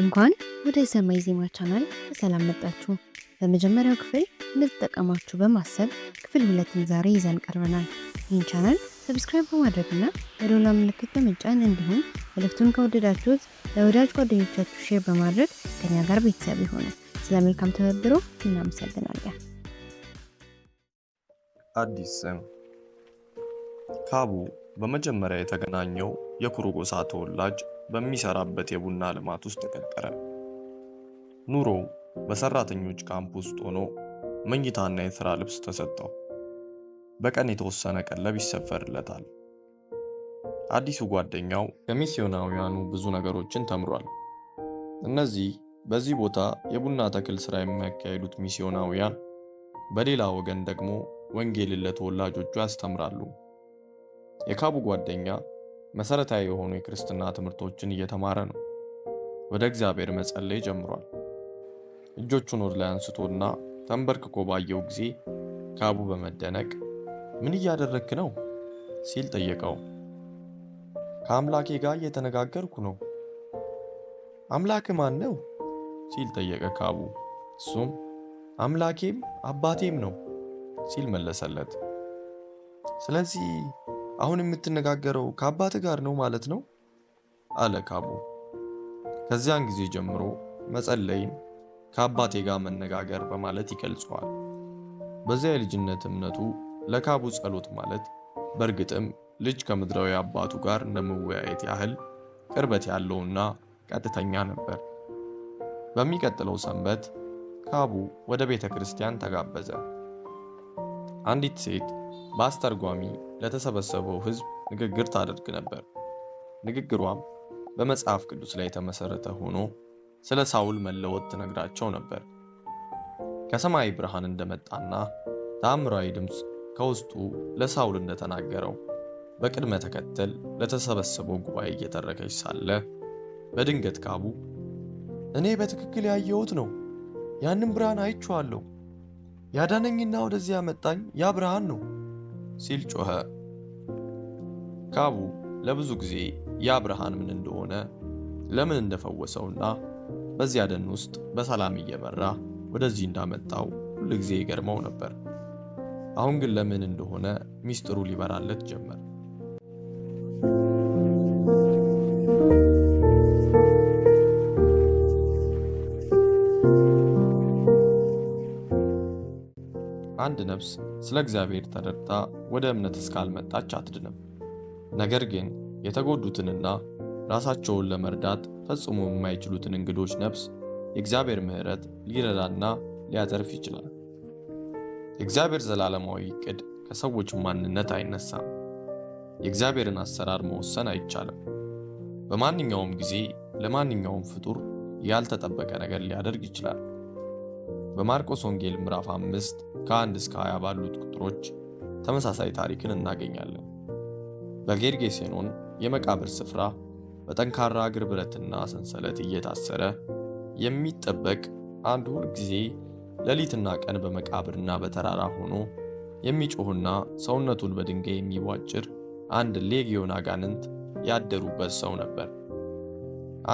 እንኳን ወደ ሰማይ ዜማ ቻናል በሰላም መጣችሁ። በመጀመሪያው ክፍል እንደተጠቀማችሁ በማሰብ ክፍል ሁለትን ዛሬ ይዘን ቀርበናል። ይህን ቻናል ሰብስክራይብ በማድረግና የዶላ ምልክት በመጫን እንዲሁም መልእክቱን ከወደዳችሁት ለወዳጅ ጓደኞቻችሁ ሼር በማድረግ ከኛ ጋር ቤተሰብ ይሆኑ። ስለ መልካም ትብብሮ እናመሰግናለን። አዲስ ስም ካቡ በመጀመሪያ የተገናኘው የኩሩ ጎሳ ተወላጅ በሚሰራበት የቡና ልማት ውስጥ ተቀጠረ። ኑሮው በሰራተኞች ካምፕ ውስጥ ሆኖ መኝታና የሥራ ልብስ ተሰጠው። በቀን የተወሰነ ቀለብ ይሰፈርለታል። አዲሱ ጓደኛው ከሚስዮናውያኑ ብዙ ነገሮችን ተምሯል። እነዚህ በዚህ ቦታ የቡና ተክል ሥራ የሚያካሂዱት ሚስዮናውያን በሌላ ወገን ደግሞ ወንጌልን ለተወላጆቹ ያስተምራሉ። የካቡ ጓደኛ መሠረታዊ የሆኑ የክርስትና ትምህርቶችን እየተማረ ነው። ወደ እግዚአብሔር መጸለይ ጀምሯል። እጆቹን ወደ ላይ አንስቶና ተንበርክኮ ባየው ጊዜ ካቡ በመደነቅ ምን እያደረግክ ነው ሲል ጠየቀው። ከአምላኬ ጋር እየተነጋገርኩ ነው። አምላክ ማን ነው ሲል ጠየቀ ካቡ። እሱም አምላኬም አባቴም ነው ሲል መለሰለት። ስለዚህ አሁን የምትነጋገረው ከአባት ጋር ነው ማለት ነው አለ ካቡ። ከዚያን ጊዜ ጀምሮ መጸለይን ከአባቴ ጋር መነጋገር በማለት ይገልጸዋል። በዚያ የልጅነት እምነቱ ለካቡ ጸሎት ማለት በእርግጥም ልጅ ከምድራዊ አባቱ ጋር እንደመወያየት ያህል ቅርበት ያለውና ቀጥተኛ ነበር። በሚቀጥለው ሰንበት ካቡ ወደ ቤተ ክርስቲያን ተጋበዘ። አንዲት ሴት በአስተርጓሚ ለተሰበሰበው ሕዝብ ንግግር ታደርግ ነበር። ንግግሯም በመጽሐፍ ቅዱስ ላይ የተመሰረተ ሆኖ ስለ ሳውል መለወጥ ትነግራቸው ነበር። ከሰማይ ብርሃን እንደመጣና ተአምራዊ ድምፅ ከውስጡ ለሳውል እንደተናገረው በቅድመ ተከተል ለተሰበሰበው ጉባኤ እየተረከች ሳለ በድንገት ካቡ እኔ በትክክል ያየሁት ነው፣ ያንም ብርሃን አይቼዋለሁ፣ ያዳነኝና ወደዚህ ያመጣኝ ያ ብርሃን ነው ሲል ጮኸ። ካቡ ለብዙ ጊዜ ያ ብርሃን ምን እንደሆነ ለምን እንደፈወሰውና በዚያ ደን ውስጥ በሰላም እየመራ ወደዚህ እንዳመጣው ሁል ጊዜ ይገርመው ነበር። አሁን ግን ለምን እንደሆነ ሚስጥሩ ሊበራለት ጀመር። አንድ ነፍስ ስለ እግዚአብሔር ተደርታ ወደ እምነት እስካልመጣች አትድንም። ነገር ግን የተጎዱትንና ራሳቸውን ለመርዳት ፈጽሞ የማይችሉትን እንግዶች ነፍስ የእግዚአብሔር ምሕረት ሊረዳና ሊያተርፍ ይችላል። የእግዚአብሔር ዘላለማዊ እቅድ ከሰዎች ማንነት አይነሳም። የእግዚአብሔርን አሰራር መወሰን አይቻልም። በማንኛውም ጊዜ ለማንኛውም ፍጡር ያልተጠበቀ ነገር ሊያደርግ ይችላል። በማርቆስ ወንጌል ምዕራፍ 5 ከ1 እስከ 20 ባሉት ቁጥሮች ተመሳሳይ ታሪክን እናገኛለን። በጌርጌሴኖን የመቃብር ስፍራ በጠንካራ እግር ብረትና ሰንሰለት እየታሰረ የሚጠበቅ አንድ ሁል ጊዜ ሌሊትና ቀን በመቃብርና በተራራ ሆኖ የሚጮህና ሰውነቱን በድንጋይ የሚቧጭር አንድ ሌጊዮን አጋንንት ያደሩበት ሰው ነበር።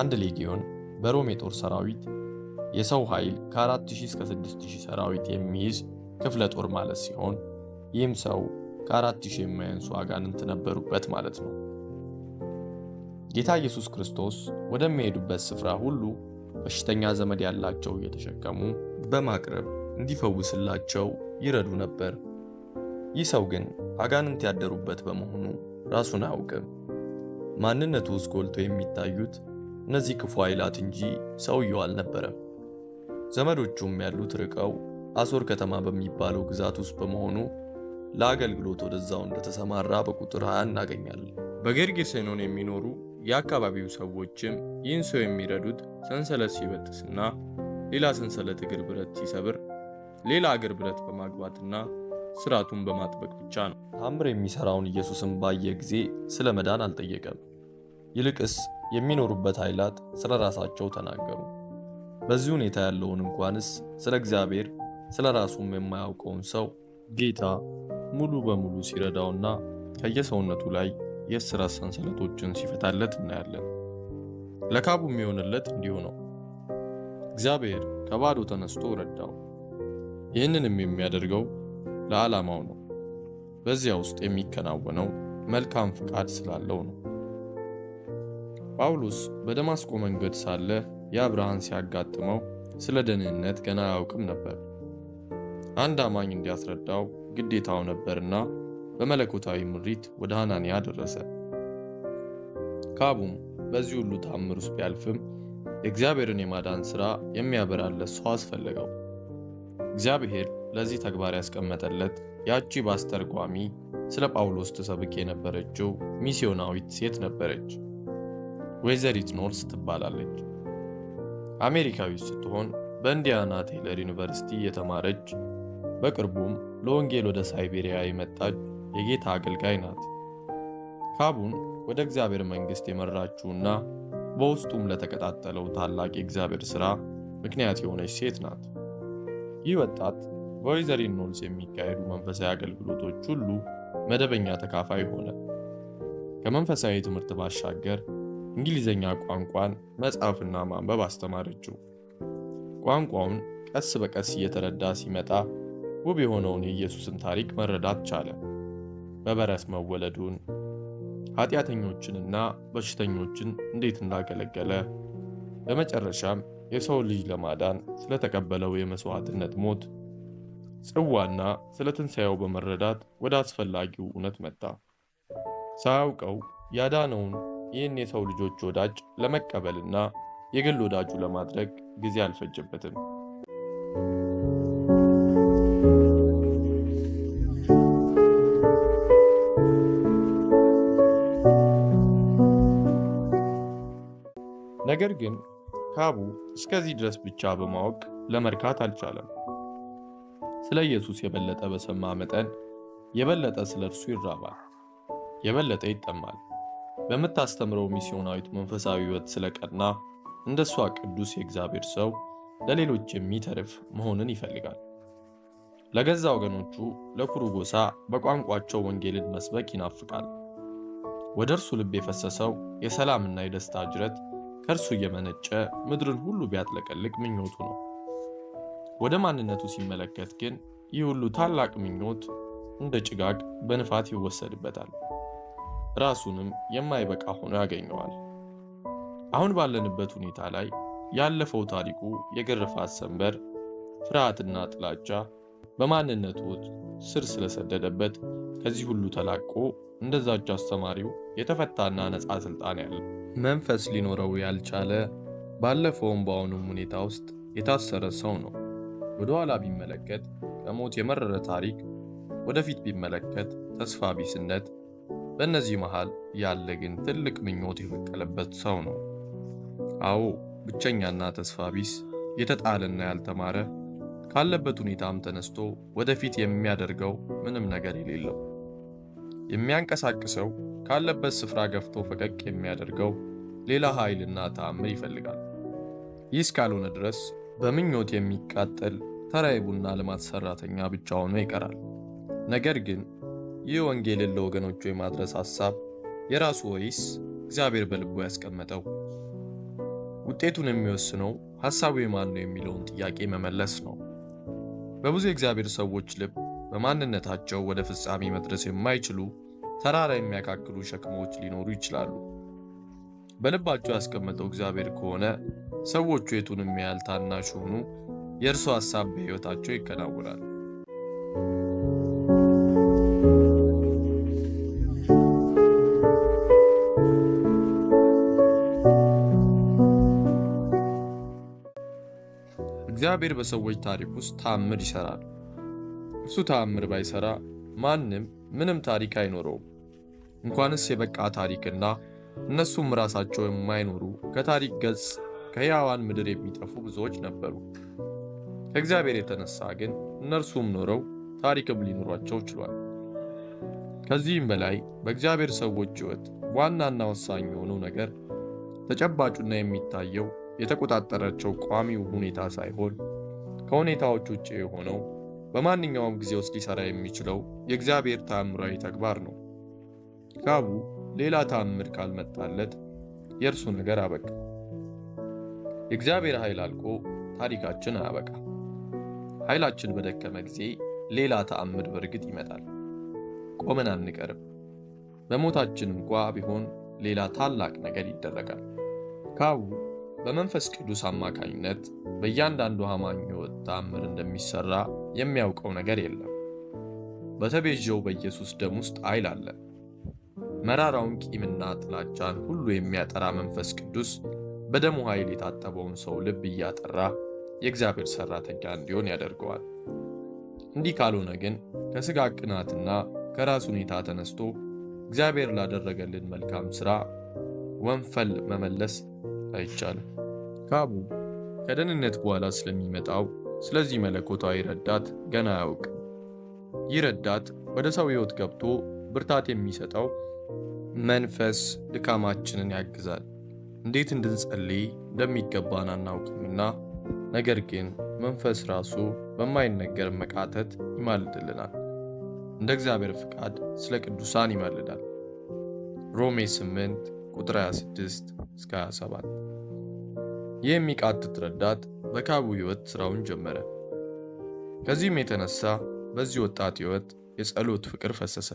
አንድ ሌጊዮን በሮም የጦር ሰራዊት የሰው ኃይል ከ4000 እስከ 6000 ሰራዊት የሚይዝ ክፍለ ጦር ማለት ሲሆን ይህም ሰው ከአራት ሺህ የማያንሱ አጋንንት ነበሩበት ማለት ነው። ጌታ ኢየሱስ ክርስቶስ ወደሚሄዱበት ስፍራ ሁሉ በሽተኛ ዘመድ ያላቸው እየተሸከሙ በማቅረብ እንዲፈውስላቸው ይረዱ ነበር። ይህ ሰው ግን አጋንንት ያደሩበት በመሆኑ ራሱን አያውቅም። ማንነቱ ውስጥ ጎልቶ የሚታዩት እነዚህ ክፉ ኃይላት እንጂ ሰውየው አልነበረም። ዘመዶቹም ያሉት ርቀው አሶር ከተማ በሚባለው ግዛት ውስጥ በመሆኑ ለአገልግሎት ወደዛው እንደተሰማራ በቁጥር 20 እናገኛለን። በጌርጌሴኖን የሚኖሩ የአካባቢው ሰዎችም ይህን ሰው የሚረዱት ሰንሰለት ሲበጥስና ሌላ ሰንሰለት እግር ብረት ሲሰብር ሌላ እግር ብረት በማግባትና ስርዓቱን በማጥበቅ ብቻ ነው። ታምር የሚሰራውን ኢየሱስን ባየ ጊዜ ስለ መዳን አልጠየቀም። ይልቅስ የሚኖሩበት ኃይላት ስለ ራሳቸው ተናገሩ። በዚህ ሁኔታ ያለውን እንኳንስ ስለ እግዚአብሔር ስለ ራሱም የማያውቀውን ሰው ጌታ ሙሉ በሙሉ ሲረዳውና ከየሰውነቱ ላይ የስራ ሰንሰለቶችን ሲፈታለት እናያለን። ለካቡ የሚሆንለት እንዲሁ ነው። እግዚአብሔር ከባዶ ተነስቶ ረዳው። ይህንንም የሚያደርገው ለዓላማው ነው። በዚያ ውስጥ የሚከናወነው መልካም ፍቃድ ስላለው ነው። ጳውሎስ በደማስቆ መንገድ ሳለ ያ ብርሃን ሲያጋጥመው ስለ ደህንነት ገና አያውቅም ነበር። አንድ አማኝ እንዲያስረዳው ግዴታው ነበርና በመለኮታዊ ምሪት ወደ ሐናንያ ደረሰ። ካቡም በዚህ ሁሉ ተአምር ውስጥ ቢያልፍም የእግዚአብሔርን የማዳን ሥራ የሚያበራለት ሰው አስፈለገው። እግዚአብሔር ለዚህ ተግባር ያስቀመጠለት ያቺ በአስተርጓሚ ስለ ጳውሎስ ትሰብክ የነበረችው ሚስዮናዊት ሴት ነበረች። ወይዘሪት ኖርስ ትባላለች። አሜሪካዊት ስትሆን በኢንዲያና ቴይለር ዩኒቨርሲቲ የተማረች በቅርቡም ለወንጌል ወደ ሳይቤሪያ የመጣች የጌታ አገልጋይ ናት። ካቡን ወደ እግዚአብሔር መንግሥት የመራችውና በውስጡም ለተቀጣጠለው ታላቅ የእግዚአብሔር ሥራ ምክንያት የሆነች ሴት ናት። ይህ ወጣት በወይዘሪት ኖልስ የሚካሄዱ መንፈሳዊ አገልግሎቶች ሁሉ መደበኛ ተካፋይ ሆነ። ከመንፈሳዊ ትምህርት ባሻገር እንግሊዝኛ ቋንቋን መጻፍና ማንበብ አስተማረችው። ቋንቋውን ቀስ በቀስ እየተረዳ ሲመጣ ውብ የሆነውን የኢየሱስን ታሪክ መረዳት ቻለ። በበረስ መወለዱን፣ ኃጢአተኞችንና በሽተኞችን እንዴት እንዳገለገለ፣ በመጨረሻም የሰው ልጅ ለማዳን ስለተቀበለው የመሥዋዕትነት ሞት ጽዋና ስለ ትንሣኤው በመረዳት ወደ አስፈላጊው እውነት መጣ። ሳያውቀው ያዳነውን ይህን የሰው ልጆች ወዳጅ ለመቀበልና የግል ወዳጁ ለማድረግ ጊዜ አልፈጀበትም። ነገር ግን ካቡ እስከዚህ ድረስ ብቻ በማወቅ ለመርካት አልቻለም። ስለ ኢየሱስ የበለጠ በሰማ መጠን የበለጠ ስለ እርሱ ይራባል፣ የበለጠ ይጠማል። በምታስተምረው ሚስዮናዊት መንፈሳዊ ሕይወት ስለቀና እንደሷ ቅዱስ የእግዚአብሔር ሰው ለሌሎች የሚተርፍ መሆንን ይፈልጋል። ለገዛ ወገኖቹ ለኩሩ ጎሳ በቋንቋቸው ወንጌልን መስበክ ይናፍቃል። ወደ እርሱ ልብ የፈሰሰው የሰላምና የደስታ ጅረት ከእርሱ እየመነጨ ምድርን ሁሉ ቢያጥለቀልቅ ምኞቱ ነው። ወደ ማንነቱ ሲመለከት ግን ይህ ሁሉ ታላቅ ምኞት እንደ ጭጋግ በንፋት ይወሰድበታል፣ ራሱንም የማይበቃ ሆኖ ያገኘዋል። አሁን ባለንበት ሁኔታ ላይ ያለፈው ታሪኩ የግርፋት ሰንበር፣ ፍርሃትና ጥላቻ በማንነቱ ስር ስለሰደደበት ከዚህ ሁሉ ተላቆ እንደዛች አስተማሪው የተፈታና ነፃ ስልጣን ያለ መንፈስ ሊኖረው ያልቻለ ባለፈውም በአሁኑም ሁኔታ ውስጥ የታሰረ ሰው ነው። ወደ ኋላ ቢመለከት ከሞት የመረረ ታሪክ፣ ወደፊት ቢመለከት ተስፋ ቢስነት፣ በእነዚህ መሃል ያለ ግን ትልቅ ምኞት የበቀለበት ሰው ነው። አዎ ብቸኛና ተስፋ ቢስ፣ የተጣለና ያልተማረ ካለበት ሁኔታም ተነስቶ ወደፊት የሚያደርገው ምንም ነገር የሌለው የሚያንቀሳቅሰው ካለበት ስፍራ ገፍቶ ፈቀቅ የሚያደርገው ሌላ ኃይልና ተአምር ይፈልጋል። ይህ እስካልሆነ ድረስ በምኞት የሚቃጠል ተራ የቡና ልማት ሠራተኛ ብቻ ሆኖ ይቀራል። ነገር ግን ይህ ወንጌልን ለወገኖቹ የማድረስ ሐሳብ የራሱ ወይስ እግዚአብሔር በልቡ ያስቀመጠው? ውጤቱን የሚወስነው ሐሳቡ የማን ነው የሚለውን ጥያቄ መመለስ ነው። በብዙ የእግዚአብሔር ሰዎች ልብ በማንነታቸው ወደ ፍጻሜ መድረስ የማይችሉ ተራራ የሚያካክሉ ሸክሞች ሊኖሩ ይችላሉ። በልባቸው ያስቀመጠው እግዚአብሔር ከሆነ ሰዎቹ የቱንም ያህል ታናሽ ሆኑ፣ የእርሱ ሐሳብ በሕይወታቸው ይከናወናል። እግዚአብሔር በሰዎች ታሪክ ውስጥ ተአምር ይሰራል። እሱ ተአምር ባይሰራ ማንም ምንም ታሪክ አይኖረውም። እንኳንስ የበቃ ታሪክና እነሱም ራሳቸው የማይኖሩ ከታሪክ ገጽ ከሕያዋን ምድር የሚጠፉ ብዙዎች ነበሩ። ከእግዚአብሔር የተነሳ ግን እነርሱም ኖረው ታሪክም ሊኖሯቸው ችሏል። ከዚህም በላይ በእግዚአብሔር ሰዎች ሕይወት ዋናና ወሳኝ የሆነው ነገር ተጨባጩና የሚታየው የተቆጣጠራቸው ቋሚው ሁኔታ ሳይሆን ከሁኔታዎች ውጭ የሆነው በማንኛውም ጊዜ ውስጥ ሊሰራ የሚችለው የእግዚአብሔር ታምራዊ ተግባር ነው። ከካቡ ሌላ ተአምር ካልመጣለት የእርሱ ነገር አበቃ። የእግዚአብሔር ኃይል አልቆ ታሪካችን አያበቃ። ኃይላችን በደከመ ጊዜ ሌላ ተአምር በእርግጥ ይመጣል። ቆመን አንቀርም። በሞታችን እንኳ ቢሆን ሌላ ታላቅ ነገር ይደረጋል። ካቡ በመንፈስ ቅዱስ አማካኝነት በእያንዳንዱ አማኝ ሕይወት ተአምር እንደሚሰራ የሚያውቀው ነገር የለም። በተቤዠው በኢየሱስ ደም ውስጥ ኃይል አለ። መራራውን ቂምና ጥላቻን ሁሉ የሚያጠራ መንፈስ ቅዱስ በደሙ ኃይል የታጠበውን ሰው ልብ እያጠራ የእግዚአብሔር ሠራተኛ እንዲሆን ያደርገዋል። እንዲህ ካልሆነ ግን ከሥጋ ቅናትና ከራስ ሁኔታ ተነስቶ እግዚአብሔር ላደረገልን መልካም ሥራ ወንፈል መመለስ አይቻልም። ካቡ ከደህንነት በኋላ ስለሚመጣው ስለዚህ መለኮታዊ ረዳት ገና አያውቅም። ይህ ረዳት ወደ ሰው ሕይወት ገብቶ ብርታት የሚሰጠው መንፈስ ድካማችንን ያግዛል። እንዴት እንድንጸልይ እንደሚገባን አናውቅምና፣ ነገር ግን መንፈስ ራሱ በማይነገር መቃተት ይማልድልናል። እንደ እግዚአብሔር ፍቃድ ስለ ቅዱሳን ይማልዳል። ሮሜ 8 ቁጥር 26 እስከ 27። ይህ የሚቃትት ረዳት በካቡ ሕይወት ሥራውን ጀመረ። ከዚህም የተነሳ በዚህ ወጣት ሕይወት የጸሎት ፍቅር ፈሰሰ።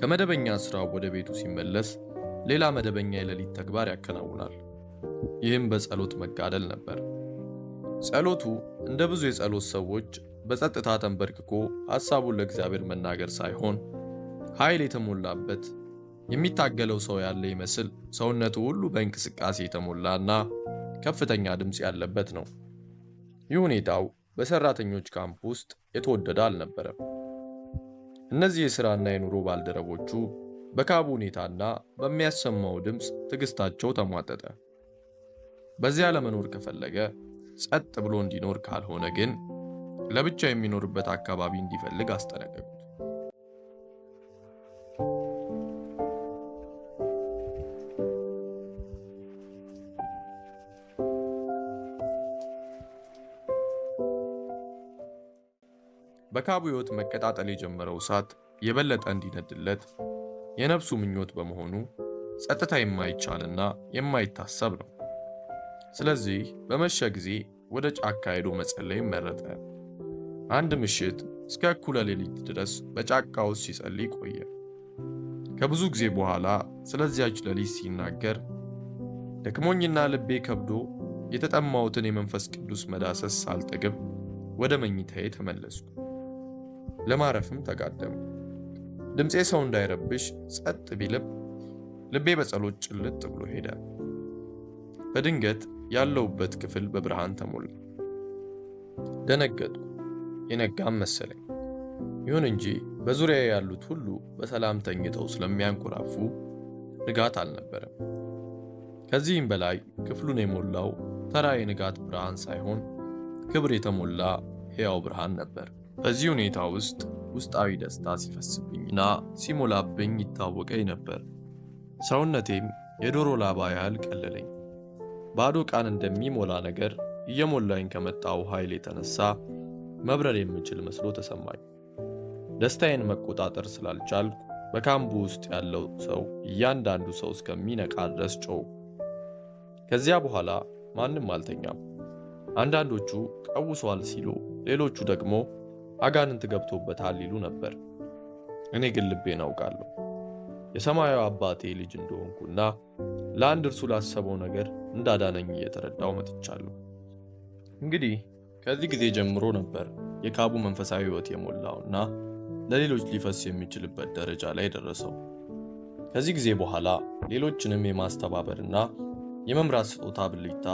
ከመደበኛ ስራው ወደ ቤቱ ሲመለስ ሌላ መደበኛ የሌሊት ተግባር ያከናውናል። ይህም በጸሎት መጋደል ነበር። ጸሎቱ እንደ ብዙ የጸሎት ሰዎች በጸጥታ ተንበርክኮ ሐሳቡን ለእግዚአብሔር መናገር ሳይሆን ኃይል የተሞላበት የሚታገለው ሰው ያለ ይመስል ሰውነቱ ሁሉ በእንቅስቃሴ የተሞላና ከፍተኛ ድምፅ ያለበት ነው። ይህ ሁኔታው በሰራተኞች ካምፕ ውስጥ የተወደደ አልነበረም። እነዚህ የሥራና የኑሮ ባልደረቦቹ በካቡ ሁኔታና በሚያሰማው ድምፅ ትዕግሥታቸው ተሟጠጠ። በዚያ ለመኖር ከፈለገ ጸጥ ብሎ እንዲኖር፣ ካልሆነ ግን ለብቻ የሚኖርበት አካባቢ እንዲፈልግ አስጠነቀቁ። የካቡ ሕይወት መቀጣጠል የጀመረው እሳት የበለጠ እንዲነድለት የነፍሱ ምኞት በመሆኑ ጸጥታ የማይቻልና የማይታሰብ ነው። ስለዚህ በመሸ ጊዜ ወደ ጫካ ሄዶ መጸለይ መረጠ። አንድ ምሽት እስከ እኩለ ሌሊት ድረስ በጫካ ውስጥ ሲጸልይ ቆየ። ከብዙ ጊዜ በኋላ ስለዚያች ሌሊት ሲናገር ደክሞኝና ልቤ ከብዶ የተጠማሁትን የመንፈስ ቅዱስ መዳሰስ ሳልጠግብ ወደ መኝታዬ ተመለስኩ። ለማረፍም ተጋደመ። ድምፄ ሰው እንዳይረብሽ ጸጥ ቢልም ልቤ በጸሎት ጭልጥ ብሎ ሄደ። በድንገት ያለውበት ክፍል በብርሃን ተሞላ። ደነገጡ የነጋም መሰለኝ። ይሁን እንጂ በዙሪያ ያሉት ሁሉ በሰላም ተኝተው ስለሚያንኮራፉ ንጋት አልነበረም። ከዚህም በላይ ክፍሉን የሞላው ተራ የንጋት ብርሃን ሳይሆን ክብር የተሞላ ሕያው ብርሃን ነበር። በዚህ ሁኔታ ውስጥ ውስጣዊ ደስታ ሲፈስብኝና ሲሞላብኝ ይታወቀኝ ነበር። ሰውነቴም የዶሮ ላባ ያህል ቀለለኝ። ባዶ ቃን እንደሚሞላ ነገር እየሞላኝ ከመጣው ኃይል የተነሳ መብረር የምችል መስሎ ተሰማኝ። ደስታዬን መቆጣጠር ስላልቻልኩ በካምቡ ውስጥ ያለው ሰው እያንዳንዱ ሰው እስከሚነቃ ድረስ ጮው። ከዚያ በኋላ ማንም አልተኛም። አንዳንዶቹ ቀውሷል ሲሉ፣ ሌሎቹ ደግሞ አጋንንት ገብቶበታል ይሉ ነበር። እኔ ግን ልቤን አውቃለሁ የሰማያዊ አባቴ ልጅ እንደሆንኩና ለአንድ እርሱ ላሰበው ነገር እንዳዳነኝ እየተረዳው መጥቻለሁ። እንግዲህ ከዚህ ጊዜ ጀምሮ ነበር የካቡ መንፈሳዊ ሕይወት የሞላውና ለሌሎች ሊፈስ የሚችልበት ደረጃ ላይ ደረሰው። ከዚህ ጊዜ በኋላ ሌሎችንም የማስተባበርና የመምራት ስጦታ ብልጭታ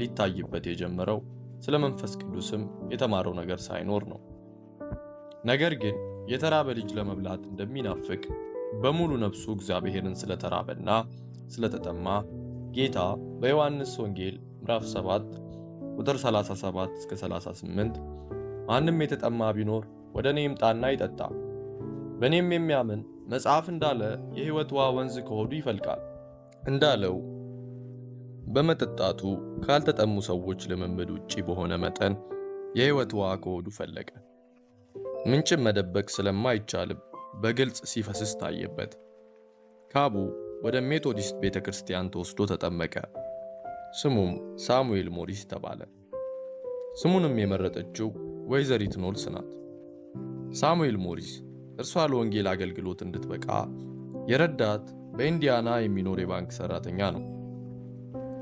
ሊታይበት የጀመረው ስለ መንፈስ ቅዱስም የተማረው ነገር ሳይኖር ነው። ነገር ግን የተራበ ልጅ ለመብላት እንደሚናፍቅ በሙሉ ነፍሱ እግዚአብሔርን ስለተራበና ስለተጠማ ጌታ በዮሐንስ ወንጌል ምዕራፍ 7 ቁጥር 37 እስከ 38 ማንም የተጠማ ቢኖር ወደ እኔ ይምጣና ይጠጣ፣ በእኔም የሚያምን መጽሐፍ እንዳለ የሕይወት ውሃ ወንዝ ከሆዱ ይፈልቃል እንዳለው በመጠጣቱ ካልተጠሙ ሰዎች ልምምድ ውጪ በሆነ መጠን የሕይወት ውሃ ከሆዱ ፈለቀ። ምንጭን መደበቅ ስለማይቻልም በግልጽ ሲፈስስ ታየበት። ካቡ ወደ ሜቶዲስት ቤተ ክርስቲያን ተወስዶ ተጠመቀ። ስሙም ሳሙኤል ሞሪስ ተባለ። ስሙንም የመረጠችው ወይዘሪት ኖልስ ናት። ሳሙኤል ሞሪስ እርሷ ለወንጌል አገልግሎት እንድትበቃ የረዳት በኢንዲያና የሚኖር የባንክ ሰራተኛ ነው።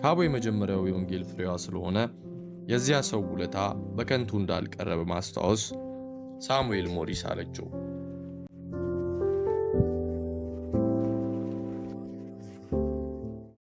ካቡ የመጀመሪያው የወንጌል ፍሬዋ ስለሆነ የዚያ ሰው ውለታ በከንቱ እንዳልቀረ በማስታወስ ሳሙኤል ሞሪስ አለችው።